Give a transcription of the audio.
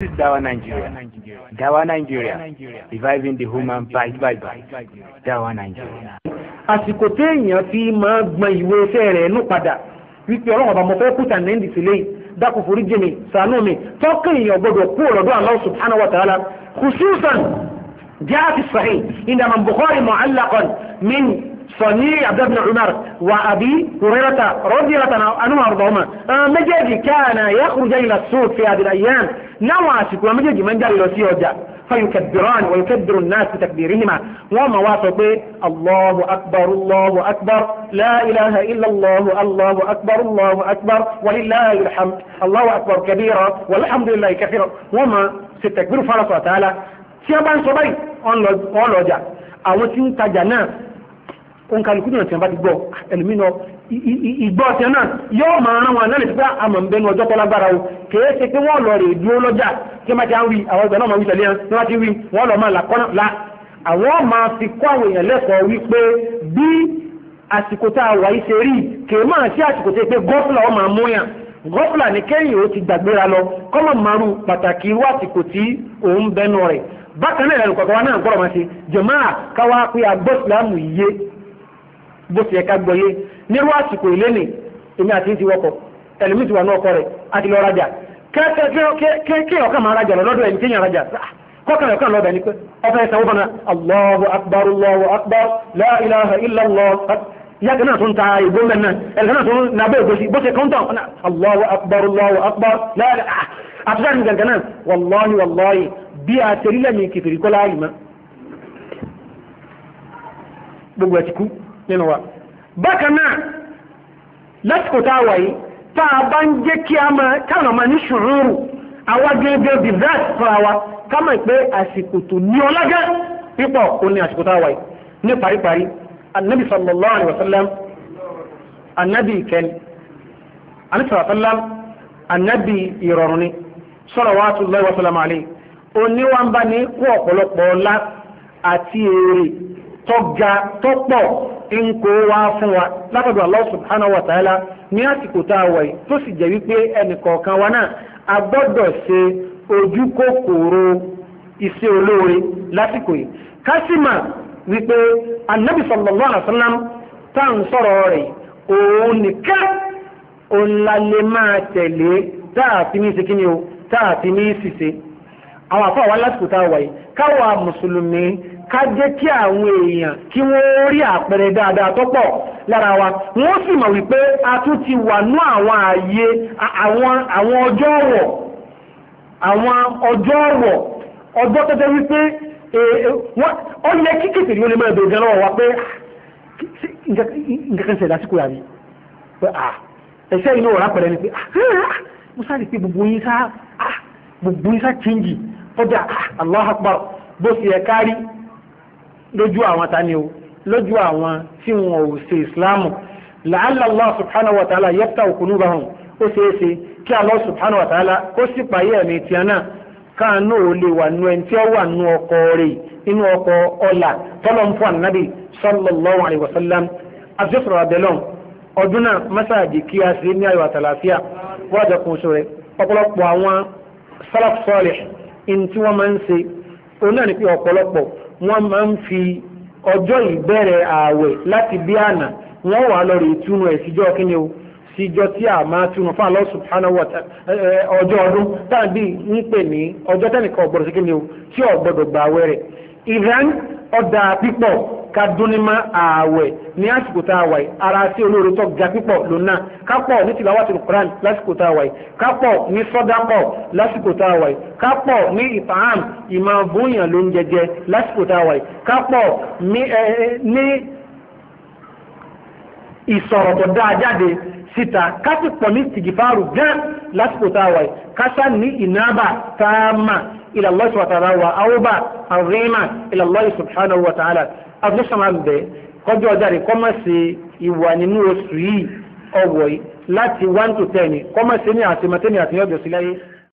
This is Dawa Nigeria. Dawa Nigeria. Reviving the human by Bye bye. Dawa Nigeria. Àsìkò téèyàn fi máa gbọn ìwé iṣẹ́ rẹ̀ nù padà wípé ọlọ́run ọba mo fẹ́ kúta nẹ́ndì sílé yìí dákun forí jì mí ṣàánú mi tọ́kẹ́ èèyàn gbọdọ̀ kú ọ̀rọ̀dọ̀ Allah subhanahu wa ta'ala khususan jẹ́ àti sahih ìdàmà Bukhari mu'allaqan min صنيع عبد بن عمر وأبي هريرة رضي الله عنهما وأرضاهما مجدي كان يخرج إلى السوق في هذه الأيام نواسك ومجدي من جاء إلى سيوجا فيكبران ويكبر الناس بتكبيرهما وما واثق الله أكبر الله أكبر لا إله إلا الله الله أكبر الله أكبر ولله الحمد الله أكبر كبيرا والحمد لله كثيرا وما ستكبر فرصة تعالى tí a bá ń sọ báyìí ọlọ́jà àwọn tí ń tajà náà òǹkàlùkù náà tí wọn bá ti gbọ́ ẹlòmí lọ ìgbọ́ ọ̀tí náà yóò máa rán wọn lẹ́nu pípa àmọ̀ nbẹ́nu ọjọ́ kọ́lá gbára o kèé ṣe pé wọ́n lọ rè dúró lọ́jà kí wọ́n ti ń wí àwọn ìgbà náà máa wí tẹ̀lé ẹ̀ wọ́n ti wí wọ́n lọ máa làkọ́nà la àwọn máa fi kọ́ àwọn èèyàn lẹ́kọ̀ọ́ wípé bí àsìkò tá a wà yìí ṣe rí kèé máa ṣe àsìkò tó yẹ pé gọ́fúlà wọn máa mú yàn gọ́fúlà ní kẹ́yìn ó ti gbàgbéra lọ kọ́mọ̀ márù pàtàkì irú àsìkò tí òun bẹnu rẹ̀ bákan náà ẹ̀rù kọ̀ọ̀kan wa náà gbọ́dọ̀ máa ṣe jọ̀máà káwá pé agbóṣùlámù yìí bó ti yẹ ká gbọ́ yé nírú àsìkò ilé nì èmi àti ti wọkọ̀ ẹlòmíì ti wà ní ọkọ rẹ̀ àti lọ rajà kéèyàn kàn máa rajà lọ́dọ̀ ẹni kéèyàn rajà ah, kọ́kàn ọ̀kan lọ́dọ̀ ẹni pé ọ̀fẹ́ ìsanwó fana Allahu akbar Allahu akbar la ilaha illa Allah yàtọ̀ náà tó ń ta ìgbó mẹ́rin náà ẹ̀rọ náà tó ń nabẹ́ ògbésí bó ṣe kọ́ńtà ọ̀nà Allahu akbar Allahu akbar la ilaha ah, àtúntà ní gàngàn náà wallahi wallahi bí a tẹ̀lé lẹ́mìí kìfìrí kọ́lá àyìnbá gbogbo ẹ̀ ti kú nínú wa bákan náà lásìkò tá a wà yìí tá a bá ń jẹ́ kí a máa káwọn ọmọ ní sùúrù àwa gẹ́gẹ́ bí vet fúnra wa ká mọ̀ pé àsìkò tó ní ọlágẹ́ pípọ̀ kò ní àsìkò tá a wà yìí ní paríparí anabi sallallahu alayhi wa sallam anabi ìkẹni anabi sallallahu alayhi wa sallam anabi ìrọ̀rùn ni salawatullahi wa sallam alayhi oníwàmbá ní kú ọ̀pọ̀lọpọ̀ ọlá àti èrè tọ́ga tọ́pọ̀ ńkó wá fún wa látọ̀dọ̀ Allah subhana wa ta'ala ní àsìkò tá a wà yìí tó sì jẹ́ wípé ẹnìkọ̀ọ̀kan wa náà a gbọ́dọ̀ ṣe ojú kòkòrò iṣẹ́ olóore lásìkò yìí kásìmà wípé anabi sallallahu alaihi tá à o tá a fi ní ká jẹ́ kí àwọn èèyàn kí wọ́n rí àpẹẹrẹ dáadáa tó pọ̀ lára wa wọ́n sì mọ̀ wípé a tún ti wà ní àwọn ààyè àwọn ọjọ́ ọ̀wọ̀ àwọn ọjọ́ ọ̀wọ̀ ọjọ́ tó jẹ́ wípé e, e, ó yẹ kí kìtìrì ó lè máa wa pé nǹkan ṣe lásìkò yà mí pé à ẹ̀ṣẹ́ inú ọ̀rá pẹ̀lẹ́ ni pé mo sáré pé gbogbo yín sá gbogbo yín sá chíńjì tọ́jà Allahu Akbar bó ṣe yẹ kárí lójú àwọn tani o lójú àwọn tí wọn ò ṣe ìsìláàmù làálà allah subhanahu wa ta'ala yẹ́pítà òkúnú bá wọn ó ṣeé ṣe kí allah subhanahu wa ta'ala kó sì pààyè ẹ̀mí tiẹ̀ náà káàánú ò lè wà nù ẹni tí ó wà nù ọkọ rẹ̀ inú ọkọ ọlà tọ́lọ̀ ń fún ànábì sallallahu alayhi wa sallam àfẹ́sọ̀rọ̀ abẹ́lọ́n ọdún náà mẹ́sàgì kí a ṣe ní ayọ̀ àtàlàfíà wọ́n àjọkùn oṣù rẹ̀ ọ̀pọ̀lọpọ̀ àwọn salaf salih in tí wọ́n máa ń ṣe òun náà ní pé ọ̀pọ̀lọpọ̀ wọ́n máa ń fi ọjọ́ ìbẹ̀rẹ̀ ààwẹ̀ láti bí àná wọ́n wà lọ rí ìtúnu ẹ̀ síjọ́ kíni o síjọ́ tí a máa túnu fún Allah subhanahu wa ta'ala ọjọ́ ọdún tàbí ń pè ní ọjọ́ tẹ́nìkan ọ̀gbọ́dọ̀ sí kíni o tí ọ̀gbọ́dọ̀ gbà wẹ̀rẹ̀ ìran ọ̀dà pípọ̀ ká dúnnímọ́ ààwẹ̀ ní àsìkò tá a wà yìí ara sí olóore tó ga pípọ̀ lónà kápọ̀ ní tilawatul Qur'an lásìkò tá a wà yìí kápọ̀ ní sọ́dápọ̀ lásìkò tá a wà yìí kápọ̀ ní ìfahàn ìmọ̀ bóyàn ló ń jẹjẹ lásìkò tá a wà yìí kápọ̀ ní ìsọ̀rọ̀ tó dáa jáde síta ká ní tìgìfàrù gán lásìkò tá a wà yìí ká ní ìnáàbà tá a máa إلى الله سبحانه وتعالى وأوبة عظيمة إلى الله سبحانه وتعالى أفضل سمع به قد يدري كما سي يواني نوسي أوي láti one to ten kọ́mọ̀sí ní àtìmọ́tẹ́ni àtìyànjọ́sí láyé